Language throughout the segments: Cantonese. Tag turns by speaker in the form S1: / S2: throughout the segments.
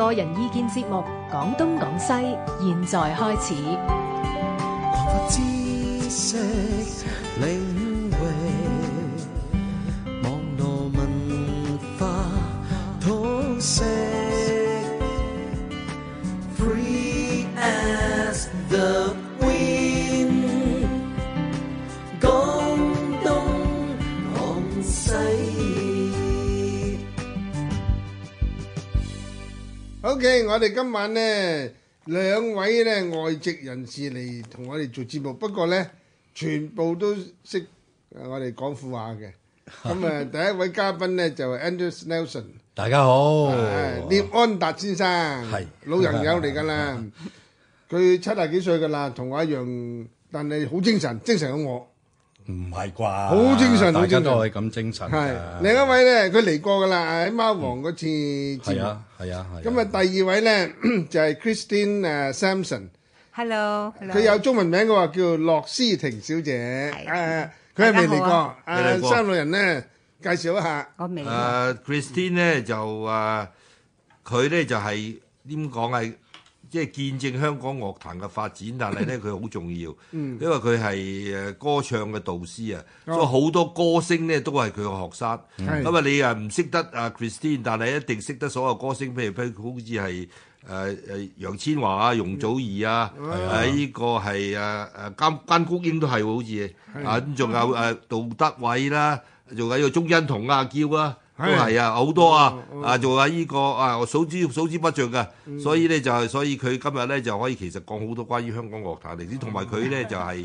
S1: 個人意見節目
S2: 《講東講西》，現在開始。
S3: O.K.，我哋今晚咧，兩位咧外籍人士嚟同我哋做節目，不過咧，全部都識我哋講廣府話嘅。咁啊，第一位嘉賓咧就係 Anders Nelsson，
S4: 大家好，聶
S3: 安達先生，係老朋友嚟㗎啦，佢七啊幾歲㗎啦，同我一樣，但係好精神，精神過我。唔係
S4: 啩？好精神，大家都係咁精神。係另
S3: 一位咧，佢嚟過噶啦，喺貓王嗰次。係啊，係啊。咁啊，第二位咧就係 Christine 誒 Samson。
S1: Hello，佢有
S3: 中文名嘅喎，叫洛思婷小姐。係啊，佢係未嚟過。未嚟過。三個人咧，介紹一下。我
S1: 未。誒
S2: ，Christine 咧就誒，佢咧就係點講係？即係見證香港樂壇嘅發展，但係咧佢好重要，因為佢係誒歌唱嘅導師啊，所以好多歌星咧都係佢嘅學生。咁啊，你啊唔識得啊 Christine，但係一定識得所有歌星，譬如譬如好似係誒誒楊千嬅啊、容祖兒啊，係 Yeah. 啊，依、這個係誒誒關關菊英都係喎，好似啊，仲有誒杜、啊、德偉啦，仲有依個鐘欣桐阿嬌啊。都係啊，好多啊，啊做喺、啊、依、依個啊，數之數之不盡嘅、嗯，所以咧就係，所以佢今日咧就可以其實講好多關於香港樂壇歷史，同埋佢咧就係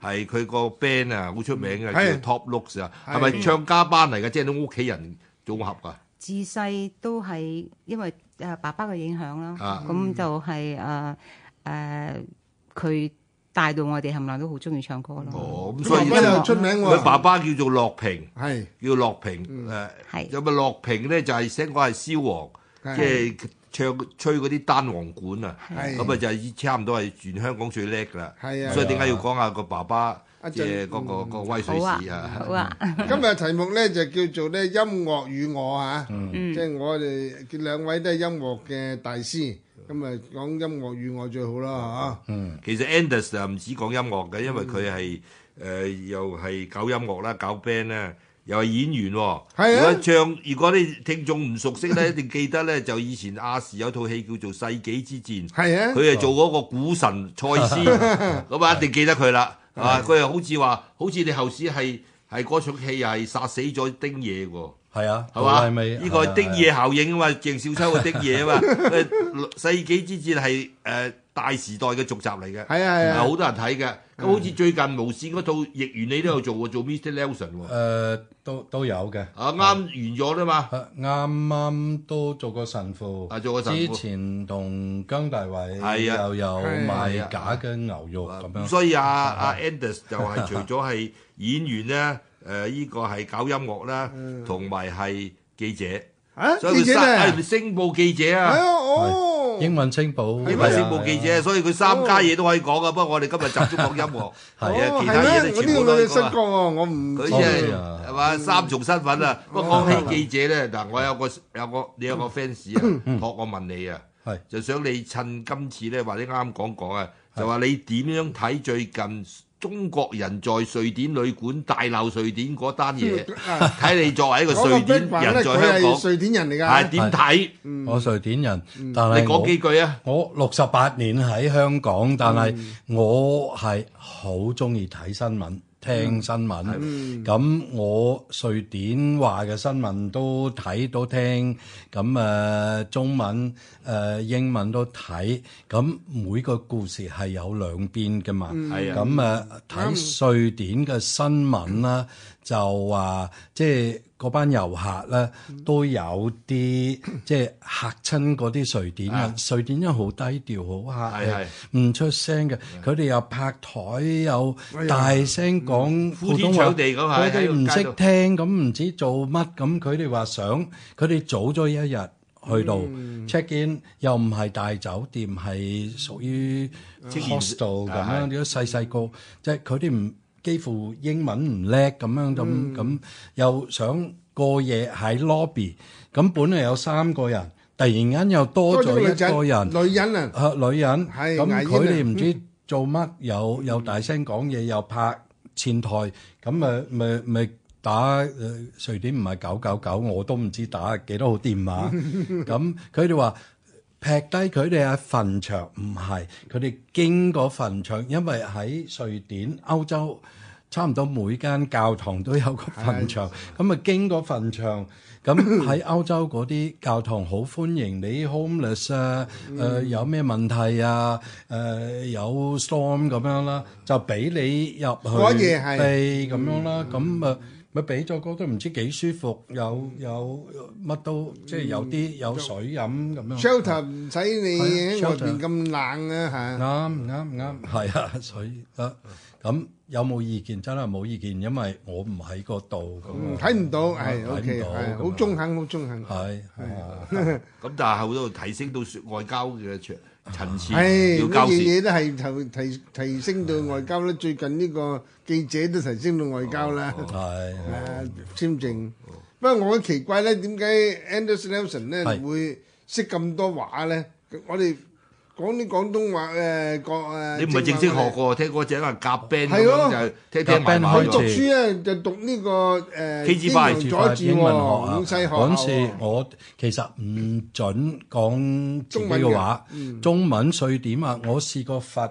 S2: 係佢個 band 啊，好出名嘅、嗯啊、叫 Top Looks 啊，係咪、啊、唱家班嚟嘅，即係啲屋企人組合爸爸啊？
S1: 自細都係因為誒爸爸嘅影響囉，咁就係誒誒佢。大到我哋冚唪唥都好中意唱歌咯。哦，咁所以
S2: 出名，佢爸爸叫做樂平，係叫樂平誒。係。咁啊，樂平咧就係先講係簫王，即係唱吹嗰啲單簧管啊。係。咁啊，就係差唔多係全香港最叻噶啦。係啊。所以點解要講下個爸爸？即係，嗰個威水士啊！好啊。
S3: 今日題目咧就叫做咧音樂與我啊，即係我哋兩位都係音樂嘅大師。今日講音樂與我最好啦嚇。啊
S2: 嗯、其實 Anders 啊，唔止講音樂嘅，因為佢係誒又係搞音樂啦，搞 band 啦，又係演員喎。哦啊、如果唱，如果你聽眾唔熟悉咧，一定記得咧，就以前亞視有套戲叫做《世紀之戰》，佢係、啊、做嗰個股神賽斯，咁啊 一定記得佢啦。啊，佢又好似話，好似你後市係係嗰場戲又係殺死咗丁嘢喎。係啊，係嘛？依個啲嘢效應啊嘛，鄭少秋嘅啲嘢啊嘛，世紀之戰係誒大時代嘅續集嚟嘅，係啊，係好多人睇嘅。咁好似最近無線嗰套《逆緣》，你都有做喎，做 Mr. Nelson 喎。誒，都都有嘅。啊，啱完咗啦嘛，
S4: 啱啱都做過神父，之
S2: 前同
S4: 姜大衛又有賣假嘅牛肉咁樣。所以
S2: 阿阿 Anders 就係除咗係演員咧。誒依個係搞音樂啦，同埋係記者，所以佢三誒星報記者啊，英文星報英文星報記者，所以佢三家嘢都可以講噶。不過我哋今日集中講音樂，係啊，其他嘢都全部都唔講啊。佢即係話三重身份啊。不過講起記者咧，嗱，我有個有個你有個 fans 啊，託我問你啊，就想你趁今次咧或者啱啱講講啊，就話你點樣睇最近？中國人在瑞典旅館大鬧瑞典嗰單嘢，睇 你作為一個瑞典人在香港， 瑞典人嚟㗎，係點睇？嗯、
S4: 我瑞典人，但係我，你講幾句吖，我六十八年喺香港，但係我係好中意睇新聞。聽新聞，咁、嗯、我瑞典話嘅新聞都睇都聽，咁誒、呃、中文、誒、呃、英文都睇，咁每個故事係有兩邊㗎嘛，咁誒睇瑞典嘅新聞啦。嗯嗯。就話即係嗰班遊客咧都有啲即係嚇親嗰啲瑞典人，瑞典人好低調，好黑，唔出聲嘅。佢哋又拍台，又大聲講普通話，佢哋唔識聽，咁唔知做乜。咁佢哋話想，佢哋早咗一日去到 check in，又唔係大酒店，係屬於
S3: hostel 咁樣，
S4: 啲細細個即係佢哋唔。幾乎英文唔叻咁樣咁咁，又想過夜喺 lobby。咁本嚟有三個人，突然間又多咗一個人，女人啊，吓，女人，係。咁佢哋唔知做乜，又又大聲講嘢，又拍前台。咁誒咪咪打誒瑞典唔係九九九，我都唔知打幾多號電話。咁佢哋話劈低佢哋喺墳場，唔係佢哋經過墳場，因為喺瑞典歐洲。差唔多每間教堂都有個墳場，咁啊經過墳場，咁喺歐洲嗰啲教堂好歡迎你 homeless 啊，誒有咩問題啊，誒有 storm 咁樣啦，就俾你入去地咁樣啦，咁啊咪俾咗覺得唔知幾舒服，有有乜都即係有啲有水飲咁樣 shelter 唔使你外邊
S3: 咁冷啊吓，
S4: 啱啱啱係啊，所以啊。咁有
S2: 冇意見？真係冇意見，因為我唔喺嗰度咁啊，睇唔到，係 OK，係好中肯，
S3: 好中肯，係，係。
S2: 咁但係後度提升到外交嘅層層次，唉，啲嘢嘢都
S3: 係提提提升到外交啦。最近呢個記者都提升到外交啦，係啊，簽證。不過我好奇怪咧，點解 Anderson 咧會識咁多話咧？我哋講啲廣東話誒個誒，你唔係正式學
S2: 過，聽嗰隻話夾 band 咯，就係聽、這個呃、斯英文開始、啊。我讀書
S3: 咧就讀呢個誒英語左字喎。嗰次
S4: 我其實唔準講中文話，嗯、中文碎點啊？我試過發。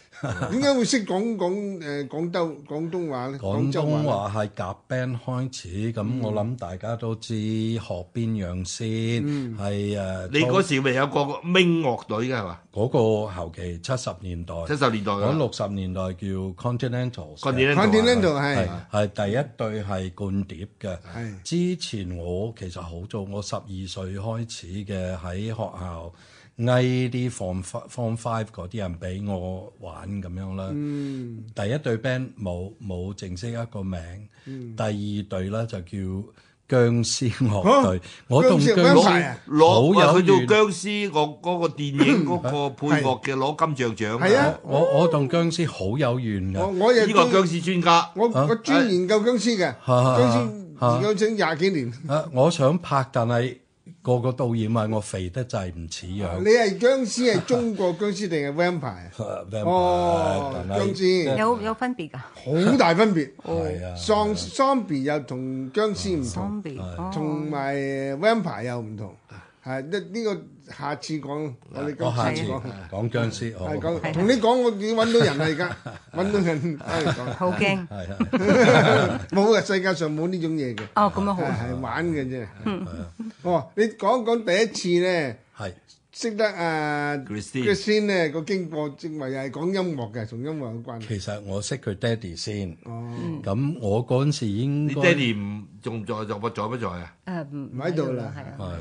S4: 點 解會
S3: 識講講誒廣州廣東話咧？廣東話
S4: 係夾 band 開始，咁、嗯、我諗大家都知學邊樣先係誒。嗯 uh，你嗰
S2: 時咪有個明樂隊嘅係嘛？
S4: 嗰個後期七十年代，七十年代講六十年代叫 Continental，Continental 係係第一隊係灌碟嘅。是之前我其實好早，我十二歲開始嘅喺學校。嗌啲 Form Five 嗰啲人俾我玩咁樣啦。第一隊 band 冇冇正式一個名。第二隊咧就叫僵屍樂隊。我同僵屍，好有去到
S2: 僵屍嗰嗰個電影嗰個配樂嘅攞金像獎。係 啊，我我同僵屍好有緣㗎。我我呢個僵屍專家，
S3: 我我專研究僵屍嘅殭屍研究整廿幾年。
S4: 啊，我想拍，但係。個個導演話：我肥得滯，唔似樣。
S3: 你係僵屍，係中國僵屍定係 vampire？哦，僵
S1: 屍？有有分別
S3: 㗎？好大分別，係啊。喪喪屍又同僵屍唔同，同埋 vampire 又唔同，係呢呢個。下次講，我哋今次講講殭屍。係咁，同你講我已經揾到人啦，而家揾到人嚟講。好驚！係啊，冇嘅，世界上冇呢種嘢嘅。哦，咁樣好。係玩嘅啫。係哦，你講講第一次咧。識得啊，Christine 咧個經過正咪係講音樂嘅，同音樂有關。
S4: 其實我識佢爹哋先，咁我嗰陣時應該你爹哋
S3: 唔
S2: 仲在，就不在不在啊？
S3: 誒唔喺度啦，係
S4: 啊。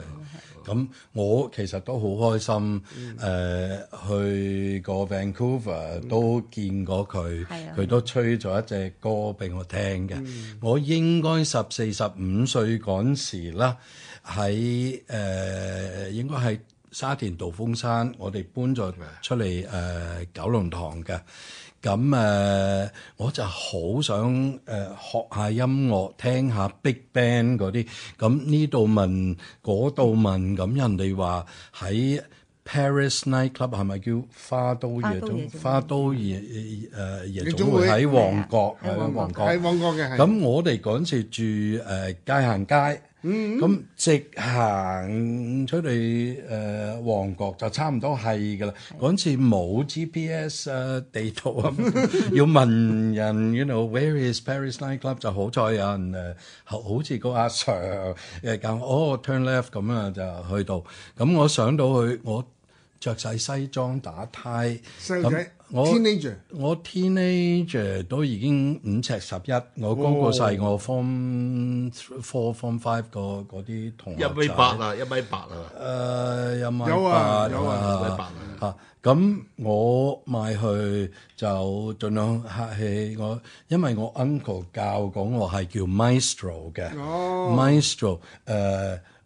S4: 咁我其實都好開心誒，去過 Vancouver 都見過佢，佢都吹咗一隻歌俾我聽嘅。我應該十四十五歲嗰陣時啦，喺誒應該係。沙田道風山，我哋搬咗出嚟誒、呃、九龍塘嘅。咁誒、呃，我就好想誒、呃、學下音樂，聽下 big band 嗰啲。咁呢度問，嗰度問，咁人哋話喺 Paris Night Club 係咪叫花，花都夜總？花都夜誒夜總會喺旺角，喺旺角，喺旺角嘅。咁我哋嗰時住誒、呃、街行街。嗯，咁直行出嚟誒，旺角就差唔多係㗎啦。嗰次冇 GPS 啊，地圖啊，要問人，you know，where is Paris Night Club？就好彩有人誒，好似個阿 Sir 誒教我，哦，turn left 咁啊，就去到。咁我上到去我。着晒西裝打呔，咁我我 teenager 都已經五尺十一，我高過晒、哦，我 form four form five 個嗰啲同學仔一米八啦，啊，一米八啦。誒有啊有啊，一米八啊。嚇，咁我買去就盡量客氣，我因為我 uncle 教講我係叫 maestro 嘅，maestro 誒。哦 maestro, 呃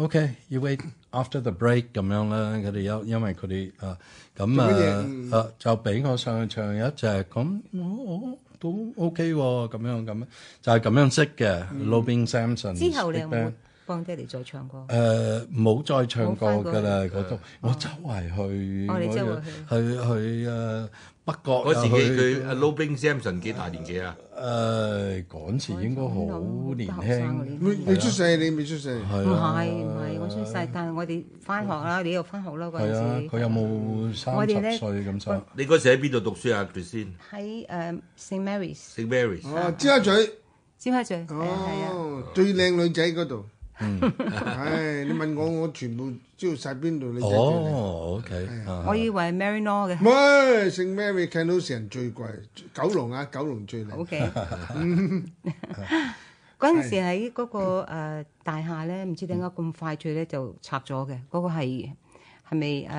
S4: O.K. you wait after the break 咁樣啦，佢哋因因為佢哋啊咁啊，啊就俾我上去唱一隻咁，
S1: 我、哦哦、
S4: 都 O.K. 喎、哦，咁樣咁，就係、是、咁樣識嘅。Loving Samson。嗯之後你有
S1: 冇幫爹
S4: 哋再唱歌？誒冇、呃、再唱歌㗎啦，嗰、那個、我周圍去周圍去去啊。去去呃
S2: 德國嗰時佢佢啊 Lobing Samson 幾大年紀啊？
S4: 誒，趕前應該好年輕，
S2: 未未出世，你未出世。
S4: 唔
S1: 係唔係，我出世，但係我哋翻學啦，你又翻學啦嗰陣時。係啊，佢有
S2: 冇三十歲咁多？你嗰時喺邊度讀書啊？佢先
S1: 喺誒 Saint Mary's。
S2: Saint Mary's，尖
S1: 沙咀。尖沙咀。啊。
S3: 最靚女仔嗰度。
S2: 嗯， 唉、 哎，你問我，我全部
S3: 知道曬邊度你寫住哦，OK，
S1: 我以為係 Maryno 嘅。唔
S3: 係，姓 Mary，見到成日最貴，九龍啊，九龍最靚。OK，嗰陣
S1: 時喺嗰個大廈咧，唔知點解咁快脆咧就拆咗嘅。嗰、那個係係咪誒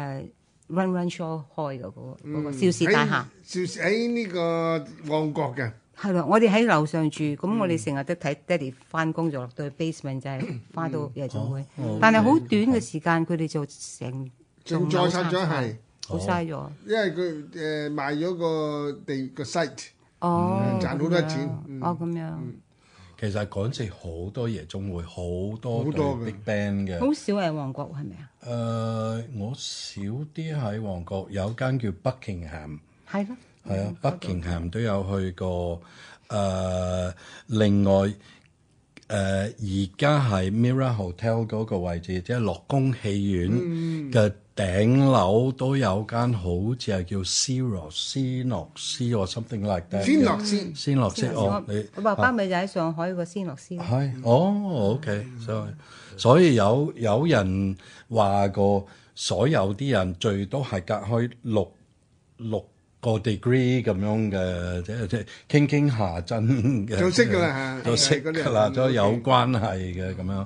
S1: Run Run Shaw、那個、s h o w 開嘅嗰個嗰個邵氏大廈？
S3: 邵氏喺呢個旺角嘅。
S1: 係咯，我哋喺樓上住，咁我哋成日都睇爹哋翻工就落到去 basement 就係翻到夜總會，但係好短嘅時間佢哋就成，仲再生咗係，好嘥咗。
S3: 因為佢誒賣咗個地個 site，
S4: 賺好多錢。
S1: 哦咁樣，
S4: 其實港直好多夜總會，好多好多 big band 嘅。好
S1: 少喺旺角係咪啊？
S4: 誒，我少啲喺旺角，有間叫北京鹹。係咯。係啊，北京行都有去過誒另外誒而家係 Mira Hotel 嗰個位置，即係樂宮戲院嘅頂樓都有間好似係叫 c 諾斯諾斯或 something like 嚟嘅。斯諾斯，斯諾斯哦。你爸爸咪
S1: 就喺上海
S4: 個斯諾斯。係哦，OK，所以所以有有人話過所有啲人最多係隔開六六。個 degree 咁樣嘅，即係即係傾傾下真嘅，就識噶啦，就識噶啦，都、啊、 有關係嘅咁樣。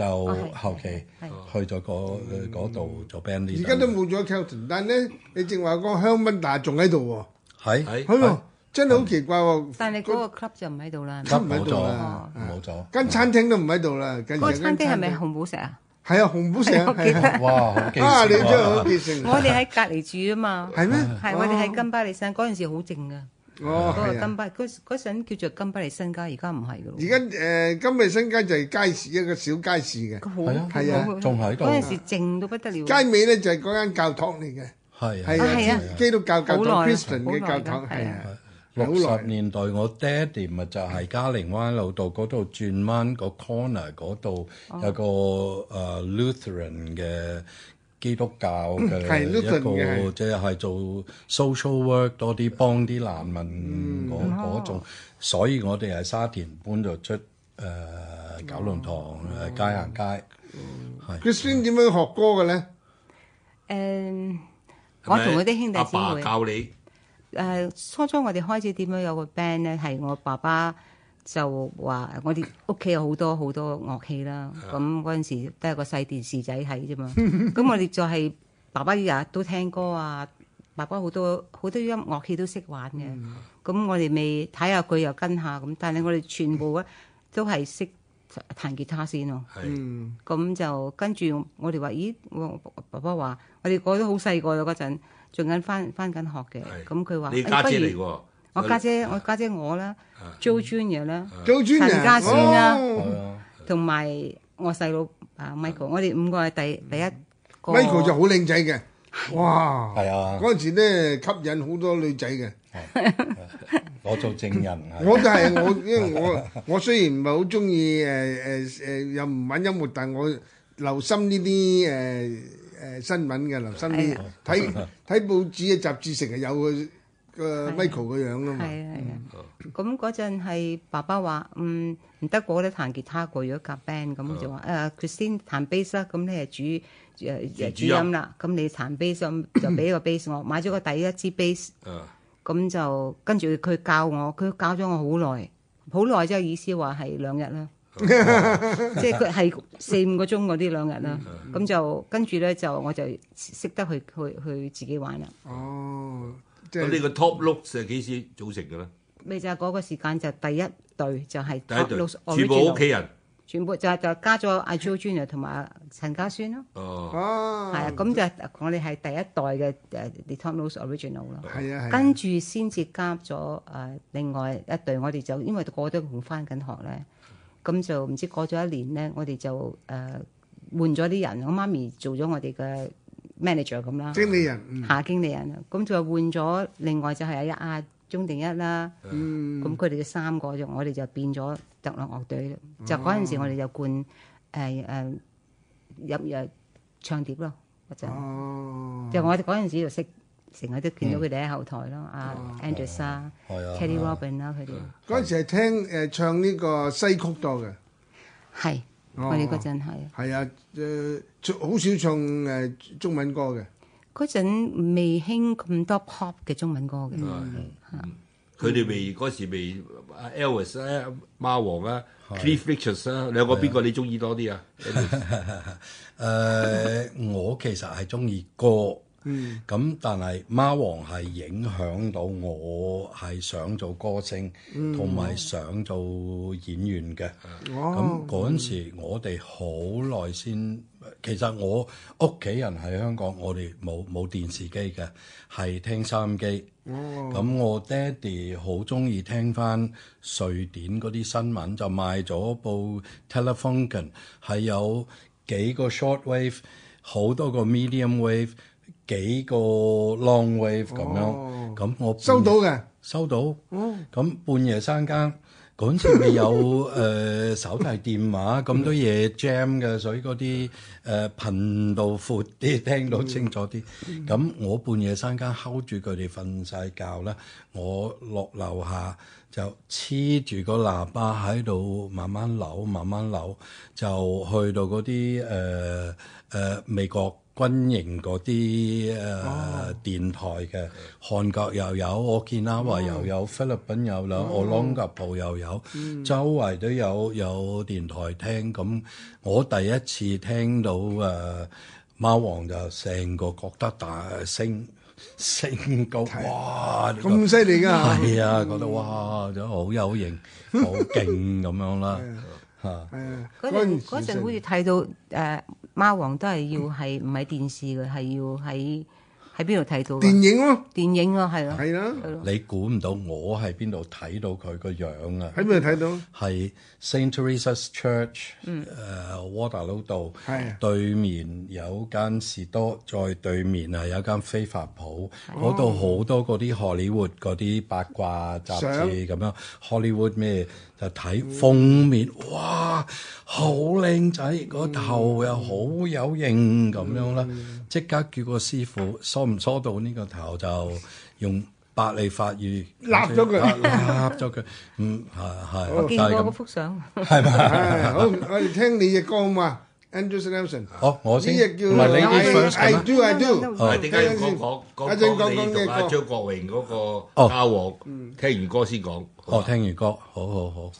S4: 就後期去咗嗰嗰度做 band 啲。而家都
S3: 冇咗 Coutin，但咧你正話個香檳大仲喺度喎。係，係喎，真係好奇怪喎。
S1: 但係你嗰個 club 就唔喺度啦，真唔喺度啦，冇咗。
S3: 間餐廳都唔喺度啦。嗰間餐廳係咪紅寶石啊？係啊，紅寶石。哇，啊，你真係好結識。我哋喺
S1: 隔離住啊嘛。係咩？係我哋喺金巴利山嗰陣時好靜噶。哦，嗰個金巴嗰嗰陣叫做金巴利新街，而家唔係噶喇。而
S3: 家誒金利新街就係街市，一個小街市嘅，
S1: 係啊，仲喺度嗰陣時靜到不得了。街尾咧就係嗰間教堂嚟嘅，係啊，係啊，
S3: 基督教教堂，Christian 嘅
S4: 教堂，係啊，好耐。十年代我爹哋咪就係加連威老道嗰度轉彎個 corner 嗰度有個誒 Lutheran 嘅。基督教嘅一個即係做 social work 多啲，幫啲難民嗰嗰種，所以我哋喺沙田搬咗出誒九龍塘誒街行街。
S3: Christine 點樣學歌嘅咧？
S1: 誒，
S3: 我同我啲
S1: 兄弟姊妹教你，誒，初初我哋開始點樣有個 band 咧，係我爸爸。就話我哋屋企有好多好多樂器啦，咁嗰陣時都係個細電視仔睇啫嘛。咁 我哋就係爸爸日日都聽歌啊，爸爸好多好多音樂器都識玩嘅。咁、嗯、我哋未睇下佢又跟下咁，但係我哋全部咧都係識彈吉他先咯。咁的、嗯、就跟住我哋話：咦，我爸爸話我哋嗰都好細個啦，嗰陣仲緊翻翻緊學嘅。咁佢話你家我家姐、我家姐我啦，Joe Junior 啦，陳家孫啦，同埋我細佬啊 Michael，我哋五個係第一個。Michael 就
S3: 好靚仔嘅，哇！嗰陣時咧吸引好多女仔嘅。
S4: 我做證人啊！我就係我，因為我
S3: 我雖然唔係好中意，誒誒誒，又唔玩音樂，但係我留心呢啲誒誒新聞嘅，留心啲睇睇報紙嘅雜誌成日有 Michael 嘅樣啊嘛，係啊係
S1: 啊。咁嗰陣係爸爸話，嗯唔得過咧彈吉他過，如果夾 band 咁就話，誒佢先彈 bass 啦。咁你係主誒主音啦。咁你彈 bass 就俾個 bass 我，買咗個第一支 bass。咁就跟住佢教我，佢教咗我好耐，好耐之後意思話係兩日啦。即係佢係四五個鐘嗰啲兩日啦。咁就跟住咧就我就識得去去去自己玩啦。哦。咁你個
S2: top looks 係幾時組
S1: 成嘅咧？咪就係嗰個時間就第一隊就係 top looks 全部屋企人，全部就就加咗阿 Jo Junior 同埋阿陳家孫咯。哦，哇，係啊，咁、啊啊、就我哋係第一代嘅誒、uh, the top looks original 咯。係啊，係、啊。跟住先至加咗誒、呃、另外一隊，我哋就因為個個都就過咗仲翻緊學咧，咁就唔知過咗一年咧，我哋就誒、呃、換咗啲人，我媽咪做咗我哋嘅。manager 咁啦，經理人，下經理人，咁就換咗另外就係啊啊鍾定一啦，咁佢哋嘅三個就我哋就變咗特樂樂隊，就嗰陣時我哋就灌誒誒入入唱碟咯或者，就我哋嗰陣時就識，成日都見到佢哋喺後台咯，啊 Anders 啊，Teddy Robin 啦佢哋，嗰
S3: 陣時係聽誒唱呢個西曲多嘅，係。哦、我哋嗰陣係，係啊，誒、呃、好少唱誒、呃、中文歌嘅。
S1: 嗰陣未興咁多 pop 嘅中文歌嘅。
S2: 佢哋未嗰時未阿 Elvis 啊、貓王啊、是 Cliff Richards 啊兩個邊個你中意多啲啊？
S4: 誒，我其實係中意歌。嗯，咁但係貓王係影響到我係想做歌星，同埋、嗯、想做演員嘅。
S3: 咁嗰
S4: 陣時，我哋好耐先，其實我屋企人喺香港，我哋冇冇電視機嘅，係聽收音機。
S2: 咁、嗯
S4: 哦、我爹哋好中意聽翻瑞典嗰啲新聞，就買咗部 Telefunken，係有幾個 short wave，好多個 medium wave。幾個 long wave 咁樣，咁我收到嘅，收到。咁半夜三更，嗰陣時未有誒手提電話咁多嘢 jam 嘅，所以嗰啲誒頻道闊啲，聽到清楚啲。咁我半夜三更睺住佢哋瞓曬覺啦，我落樓下就黐住個喇叭喺度慢慢扭，慢慢扭，就去到嗰啲誒誒美國軍營嗰啲誒電台嘅，韓國又有，我見啦話又有菲律賓又有啦，奧朗格浦又有，周圍都有有電台聽。咁我第一次聽到誒貓王就成個覺得大聲聲高，哇！咁犀利㗎，係啊，覺得哇，就好有型，好勁咁樣啦
S1: 嚇。嗰陣嗰陣好似睇到誒。貓王都係要係唔係電視嘅，係要喺喺邊度睇到嘅？電影咯、啊，電影咯、啊，係咯、啊，係啦、啊。啊、
S4: 你估唔到我喺邊度睇到佢個樣啊？喺邊度睇到？係 St. Teresa's Church，誒 Waterloo 道對面有間士多，在對面啊有間飛髮鋪，嗰度好多嗰啲 Hollywood 嗰啲八卦雜誌咁、啊、樣，Hollywood 咩？嗯就睇封面，哇，好靚仔，個頭又好有型咁樣啦，即刻叫個師傅、啊、梳唔梳到呢個頭就用百利髮乳、啊，笠咗佢，笠咗佢，嗯，係
S3: 係好我見過幅相，係 咪吧？ 我哋聽你嘅歌嘛。
S2: Andrew Samson，好，我先，唔係你你上，I do I do，啊，點解要講講講講你同阿張國榮嗰個交往？嗯，聽完歌先講，哦，聽完歌，好好好好。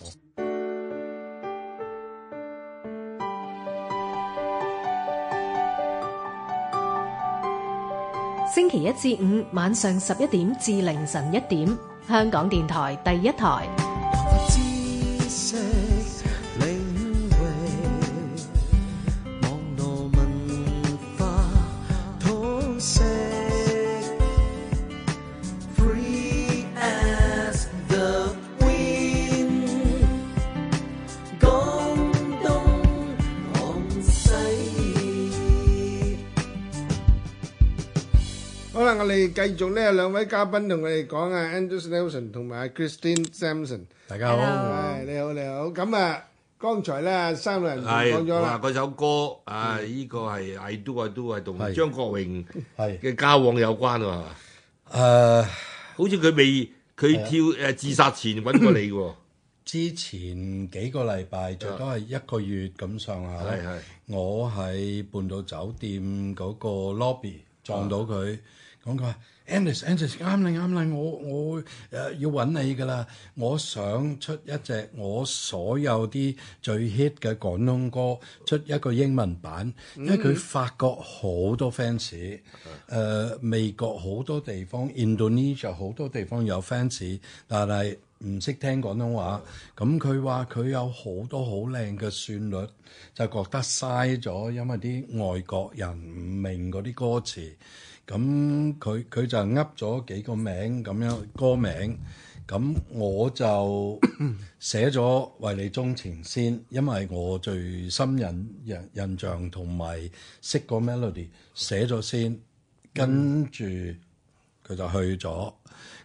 S1: 星期一至五
S2: 晚上十一點至凌晨一點，香港電台第一台。
S3: 我哋繼續咧，兩位嘉賓同我哋講啊，Anders Nelsson 同埋 Christine Samson，大家好，你好你好咁啊，剛才咧三個人講咗啦，
S2: 嗰首歌啊，呢個係 I Do I Do 係同張國榮嘅交往有關啊，誒，好似佢未佢跳誒自殺前揾過你嘅，
S4: 之前幾個禮拜最多係一個月咁上下，係係，我喺半島酒店嗰個 lobby 撞到佢。講佢話 Anders、Anders 啱啦啱啦，我我誒、呃、要揾你噶啦，我想出一隻我所有啲最 hit 嘅廣東歌，出一個英文版，因為佢發覺好多 fans，誒、嗯嗯嗯呃、美國好多地方，印度尼亞好多地方有 fans，但係唔識聽廣東話，咁佢話佢有好多好靚嘅旋律，就覺得嘥咗，因為啲外國人唔明嗰啲歌詞。咁佢佢就噏咗幾個名咁樣歌名，咁我就寫咗為你鍾情先，因為我最深印印印象同埋識個 melody 寫咗先，跟住佢就去咗，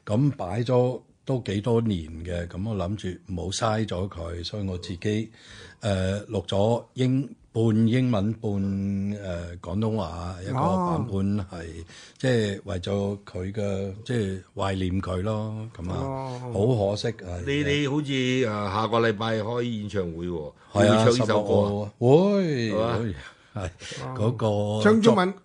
S4: 咁擺咗都幾多年嘅，咁我諗住唔好嘥咗佢，所以我自己誒錄咗英。半英文半誒、呃、廣東話一個版本係、oh.，即係為咗佢嘅即係懷念佢咯，咁啊，好、oh. 可惜啊！你是你
S2: 好似誒下個禮拜開演唱會喎、哦，啊、會唱呢首歌啊，
S4: 會係嗰個唱中，中文誒、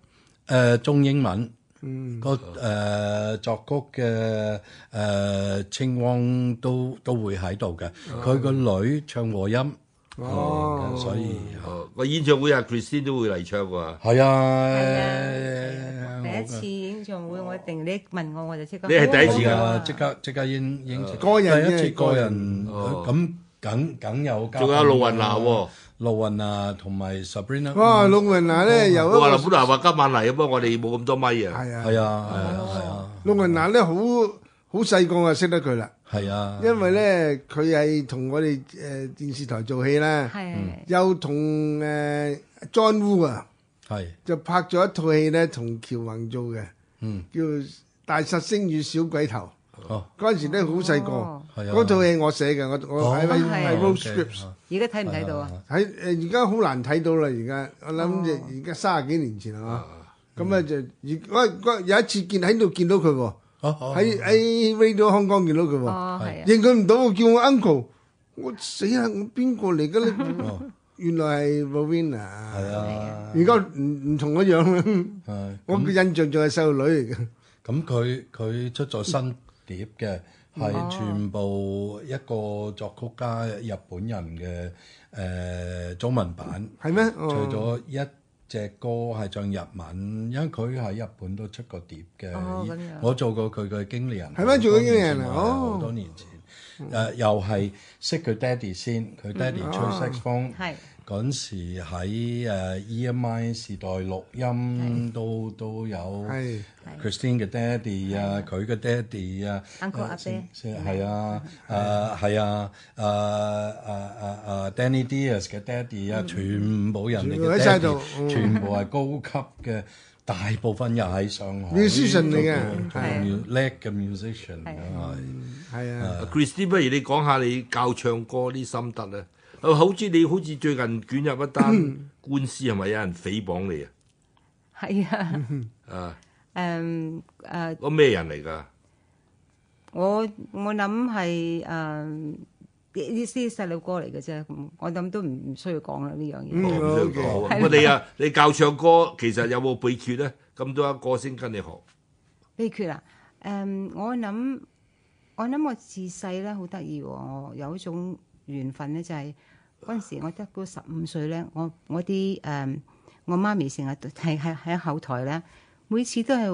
S4: 呃、中英文，嗯那個誒、呃、作曲嘅誒青汪都都，都會喺度嘅，佢個女唱和音。哦，所以
S2: 哦，個演唱會阿 Christine 都會嚟唱喎。係啊，第一
S4: 次
S1: 演唱會我一定
S4: 你問我我就即刻。你係第一次㗎？即刻即刻應應。個人即係個人，咁梗梗有交。仲有陸雲娜喎，陸雲娜同埋 Sabrina。哇，
S3: 陸雲娜咧有。我話本
S2: 來話今晚嚟，不過我哋冇咁多咪啊。係啊，係啊，係啊。
S3: 陸雲娜咧，好好細個啊，識得佢啦。係啊，因為咧佢係同我哋誒電視台做戲啦，又同誒 John Woo 啊，係就拍咗一套戲咧，同喬宏做嘅，嗯，叫大煞星與小鬼頭，嗰陣時咧好細個，嗰套戲我寫嘅，我我睇翻而家睇唔睇
S1: 到啊？睇
S3: 誒，而家好難睇到啦，而家我諗就，而家卅幾年前係嘛，咁啊就而喂有一次見喺度見到佢喎。喺喺 Radio 香港見到佢，認佢唔到，叫我 uncle，我死啦！我邊個嚟噶咧？原來係 Rowena，係啊，而家唔唔同個樣啦，我嘅印象仲係細路女嚟嘅。咁佢
S4: 佢出咗新碟嘅，係全部一個作曲家日本人嘅誒中文版，係咩？除咗一。隻歌係唱日文，因為佢喺日本都出過碟嘅。Oh, that's right. 我做過佢嘅經理人，係咩做經理人啊？好多年前，誒、mm. 呃、又係識佢爹哋先，佢爹哋吹 saxophone。Mm. Oh. 嗰陣時喺誒 EMI 時代錄音都都有 Christine 嘅 daddy 啊，佢嘅 daddy 啊，uncle 阿爹，係啊，誒係啊，誒誒誒誒 Danny Diaz 嘅 daddy 啊，全部人嚟嘅 daddy，全部係高級嘅，大部分又喺上海嗰度，
S2: 叻嘅 musician 啊，係啊，Christine，不如你講下你教唱歌啲心得咧？好似你好似最近捲入一單官司，係咪有人誹謗你啊？
S1: 係啊！啊！誒誒，個咩人嚟噶？我我諗係誒呢啲細路哥嚟嘅啫，我諗都唔唔需要講啦呢樣嘢。唔需要講。我你啊，
S2: 你教唱歌，其實有冇秘訣咧？咁多一個歌星跟你學
S1: 秘訣啊？誒，我諗我諗我自細咧好得意，我有一種緣分咧就係。嗰陣時我，我得嗰十五歲咧，我我啲誒，我媽咪成日係係喺後台咧，每次都係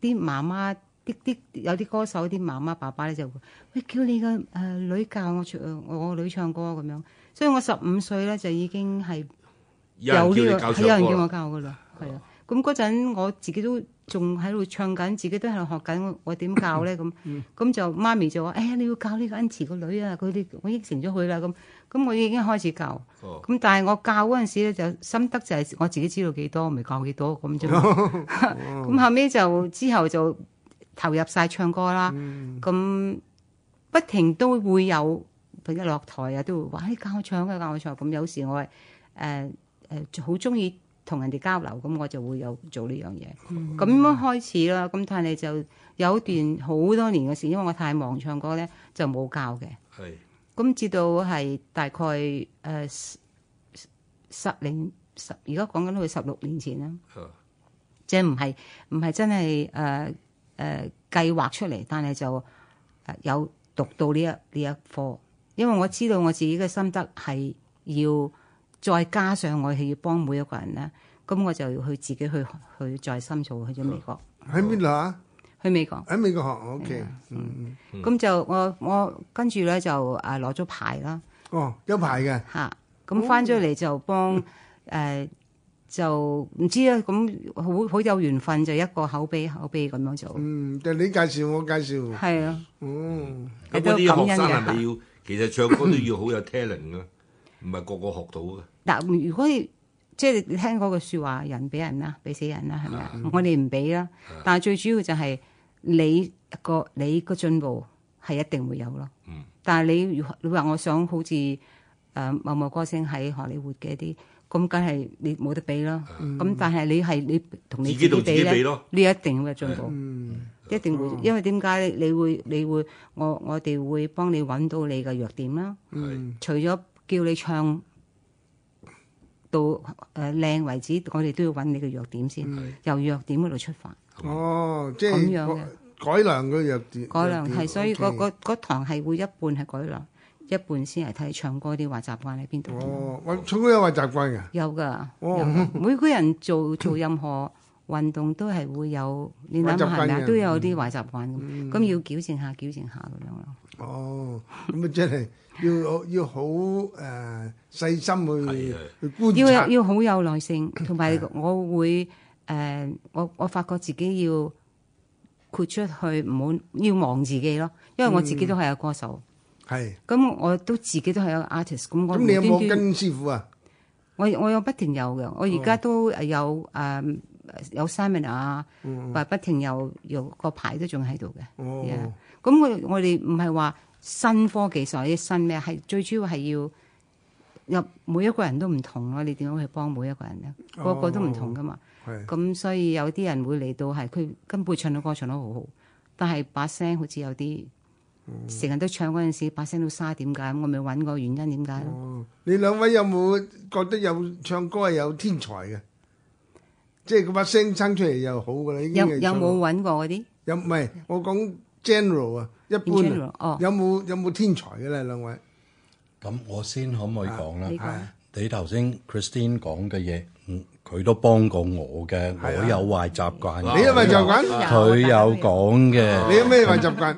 S1: 啲媽媽啲啲有啲歌手啲媽媽爸爸咧就會喂，叫你個誒女教我唱，我個女唱歌咁樣，所以我十五歲咧就已經係有呢個，係有人叫我教㗎喇，係啊，咁嗰陣我自己都。仲喺度唱緊，自己都喺度學緊，我點教咧咁？咁就 媽咪就話，哎呀，你要教呢個恩慈個女啊！佢哋我應承咗佢啦。咁，咁我已經開始教。咁但係我教嗰陣時咧，就心得就係我自己知道幾多，我咪教幾多咁啫。咁 後尾就之後就投入晒唱歌啦。咁不停都會有佢一落台啊，都會話，哎，教我唱嘅，啊，教我唱。咁有時我誒誒好中意。呃呃呃同人哋交流，咁我就會有做呢樣嘢。咁、嗯、開始啦，咁但係就有段好多年嘅事，因為我太忙唱歌咧，就冇教嘅。係的。咁至到係大概誒十年，十，而家講緊去十六年前啦。的即係唔係唔係真係誒誒計劃出嚟，但係就有讀到呢一呢一課，因為我知道我自己嘅心得係要。再加上我係要幫每一個人咧，咁我就要去自己去去，去再深造去咗美國。喺邊度啊？去美國。喺美國學、啊、OK，嗯，咁、嗯、就我我跟住咧就啊攞咗牌啦。哦，有牌嘅。吓、啊，咁翻咗嚟就幫誒、嗯呃，就唔知啊，咁好好有緣分就一個口碑口碑咁樣做。嗯，就你介紹我介紹。係啊。嗯。咁啲、嗯、學生係咪
S2: 要？其實唱歌都要好有 talent 嘅。唔
S1: 係個個學到嘅。嗱，如果即係你聽嗰個説話，人俾人啦，俾死人啦，係咪啊？ 我哋唔俾啦。但係最主要就係你個你個進步係一定會有咯。但係你你話我想好似誒某某歌星喺荷里活嘅啲，咁梗係你冇得俾啦。咁 但係你係你同你自己咧， 己己比呢你一定會有進步，一定 會。因為點解你會你會我我哋會幫你揾到你嘅弱點啦。 除咗。叫你唱到誒靚、呃、為止，我哋都要揾你嘅弱點先，嗯、由弱點嗰度出發。哦，即係咁樣
S3: 改良嗰弱點。改良係，所以嗰
S1: 嗰堂係會一半係改良，一半先嚟睇你唱歌啲壞習慣喺邊度。哦，唱歌有壞習慣噶？哦、有噶。每個人做做任何。 運動都係會有，你諗下都有啲壞習慣，咁，咁、嗯、要矯正下、矯正下咁樣咯。
S3: 哦，咁啊真係要要好誒細心去去觀察，的要
S1: 好有耐性，同埋我會誒、呃、我我發覺自己要豁出去，唔好要望自己咯，因為我自己都係個歌手，係咁、嗯、我都自己都係一個 artist，咁我咁你有冇跟師傅啊？我我有不停有嘅，我而家都有誒。有 seminar 啊，嗯、或不停又又個牌都仲喺度嘅，咁、哦 yeah. 我我哋唔係話新科技所以新咩？係最主要係要入每一個人都唔同咯。你點樣去幫每一個人咧？個個都唔同噶嘛。咁、哦哦、所以有啲人會嚟到係佢根本唱到歌唱得好好，但係把聲好似有啲成日都唱嗰陣時把聲都沙點解？我咪揾個原因點解咯？
S3: 你兩位有冇覺得有唱歌係有天才嘅？即係佢把聲生出嚟又好噶啦，已經係。有有冇揾過嗰啲？有唔係我講 general 啊，一般啊，有冇有冇天才嘅咧，兩位？
S4: 咁我先可唔可以講啦？你頭先 Christine 講嘅嘢，佢都幫過我嘅，我有壞習慣。你有咩壞習慣？佢有講嘅。你有咩壞習慣？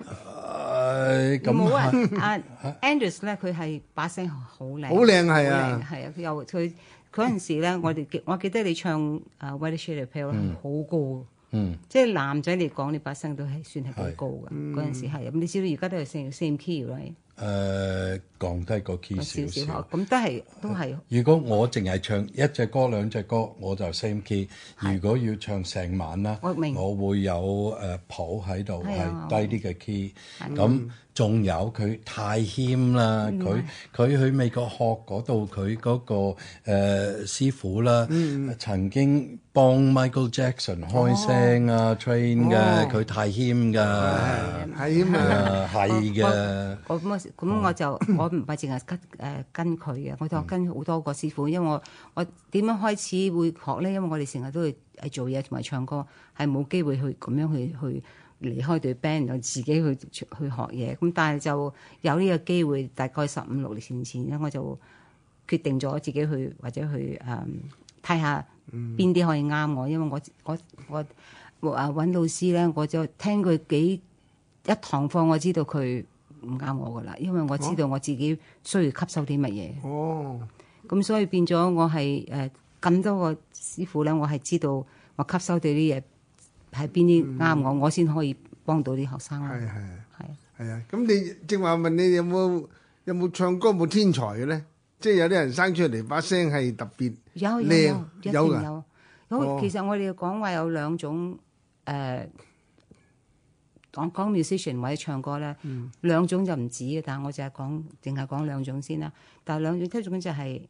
S4: 咁
S1: 啊？Anders 咧，佢係把聲好靚。好靚，係啊！係啊，佢又佢。嗰陣 時咧，我哋我記得你唱《A Whiter Shade of Pale》好高，嗯、即係男仔嚟講，你把聲都係算係好高嘅。嗰陣是時係，嗯、你知你而家都係 same same key 唔
S4: 誒降低個 key 少少，咁
S1: 都係都係。
S4: 如果我淨係唱一隻歌兩隻歌，我就 same key。如果要唱成晚啦，我會有誒譜喺度係低啲嘅 key。咁仲有佢太謙啦，佢佢去美國學嗰度，佢嗰個誒師傅啦，曾經幫 Michael Jackson 開聲啊 Train 嘅，佢太謙噶，太謙啊，係嘅。
S1: 咁我就、哦、我唔係淨係跟誒、呃、跟佢嘅，我就跟好多個師傅。因為我我點樣開始會學咧？因為我哋成日都會誒做嘢同埋唱歌，係冇機會去咁樣去去離開隊 band，然後自己去去學嘢。咁但係就有呢個機會，大概十五六年前前咧，我就決定咗自己去或者去誒睇下邊啲可以啱我。因為我我我話揾老師咧，我就聽佢幾一堂課,課，我知道佢。唔啱我㗎喇，因為我知道我自己需要吸收啲乜嘢。哦，咁所以變咗我係誒咁多個師傅咧，我係知道我吸收到啲嘢係邊啲啱我，嗯、我先可以幫到啲學生。係係
S3: 係。係啊，咁你正話問你，你有冇有冇唱歌冇天才嘅咧？即係有啲人生出嚟把聲係特別靚，有㗎。有，
S1: 有、哦、其實我哋嘅講話有兩種誒。呃講講 musician 或者唱歌咧，嗯、兩種就唔止嘅，但係我就係講，淨係講兩種先啦。但係兩種一種就係、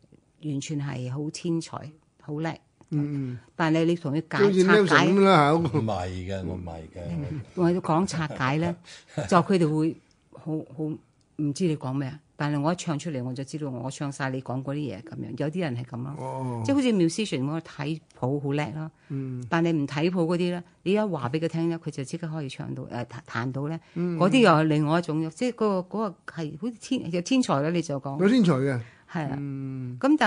S1: 是、完全係好天才，好叻。嗯嗯。但係你你同佢拆解啦嚇，唔係嘅，
S4: 我唔係嘅。
S1: 同我講拆解咧，就佢哋會好好唔知你講咩啊？但係我一唱出嚟，我就知道我唱晒你講嗰啲嘢咁樣。有啲人係咁啊，哇即係好似 musician 我睇。好好叻咯，嗯，但係你唔睇譜啲咧，你一話俾佢聽咧，佢就即刻可以唱到誒、呃、彈到咧，嗰啲、嗯、又係另外一種，即係、嗰個、嗰個係好似天有天才咧，你就講有天才嘅，係啊的，咁但、嗯。嗯